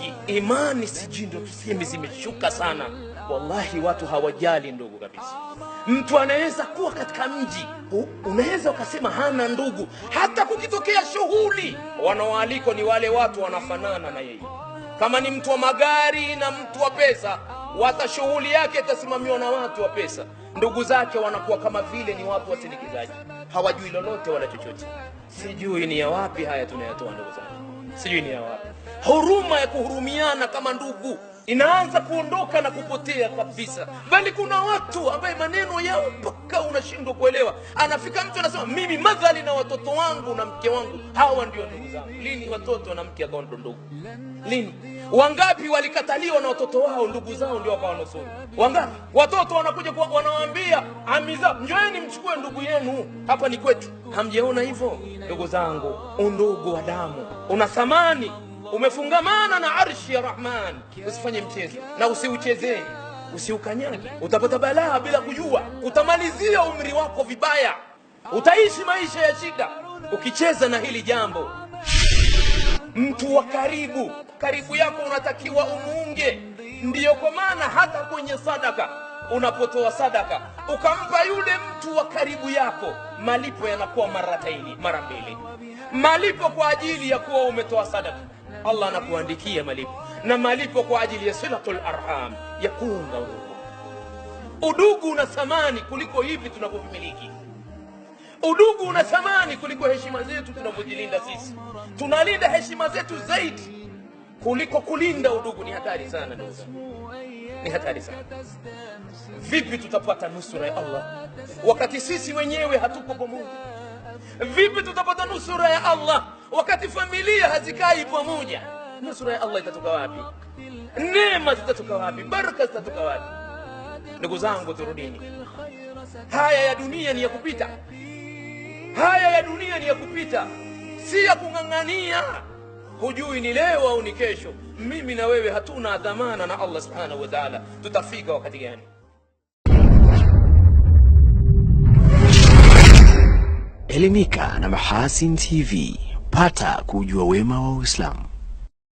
nyingi, imani sijui ndo tuseme zimeshuka sana. Wallahi watu hawajali ndugu kabisa. Mtu anaweza kuwa katika mji, unaweza ukasema hana ndugu, hata kukitokea shughuli wanaoalikwa ni wale watu wanafanana na yeye. Kama ni mtu wa magari na mtu wa pesa, wata shughuli yake itasimamiwa na watu wa pesa. Ndugu zake wanakuwa kama vile ni watu wasindikizaji, hawajui lolote wala chochote. Sijui ni ya wapi haya tunayatoa ndugu zangu sijui ni ya wapi. Huruma ya kuhurumiana kama ndugu inaanza kuondoka na kupotea kabisa, bali kuna watu ambaye maneno yao mpaka unashindwa kuelewa. Anafika mtu anasema, mimi madhali na watoto wangu na mke wangu, hawa ndio ndugu zangu. Lini watoto na mke akawa ndo ndugu? Lini? Wangapi walikataliwa na watoto wao, ndugu zao ndio wakawa nusuru? Wangapi watoto wanakuja wanawaambia kuangamiza, njoeni mchukue ndugu yenu, hapa ni kwetu. Hamjeona hivyo ndugu zangu? Undugu wa damu una thamani, umefungamana na arshi ya Rahman. Usifanye mchezo na usiuchezee, usiukanyage. Utapata balaa bila kujua, utamalizia umri wako vibaya, utaishi maisha ya shida ukicheza na hili jambo. Mtu wa karibu karibu yako unatakiwa umuunge Ndiyo kwa maana hata kwenye sadaka, unapotoa sadaka ukampa yule mtu wa karibu yako, malipo yanakuwa marataini, mara mbili. Malipo kwa ajili ya kuwa umetoa sadaka, Allah anakuandikia malipo, na malipo kwa ajili ya silatul arham, ya kuunga udugu. Udugu una thamani kuliko hivi tunavyovimiliki. Udugu una thamani kuliko heshima zetu tunavyojilinda sisi. Tunalinda heshima zetu zaidi kuliko kulinda udugu. Ni hatari sana ndugu zangu, ni hatari sana. Vipi tutapata nusura ya Allah wakati sisi wenyewe hatuko pamoja? Vipi tutapata nusura ya Allah wakati familia hazikai pamoja? Nusura ya Allah itatoka wapi? Neema zitatoka wapi? Baraka zitatoka wapi? Ndugu zangu, turudini. Haya ya dunia ni ya kupita, haya ya dunia ni ya kupita, si ya kung'ang'ania hujui ni leo au ni kesho. Mimi na wewe hatuna dhamana na Allah subhanahu wa ta'ala, tutafika wakati gani? Elimika na Mahasin TV, pata kujua wema wa Uislamu.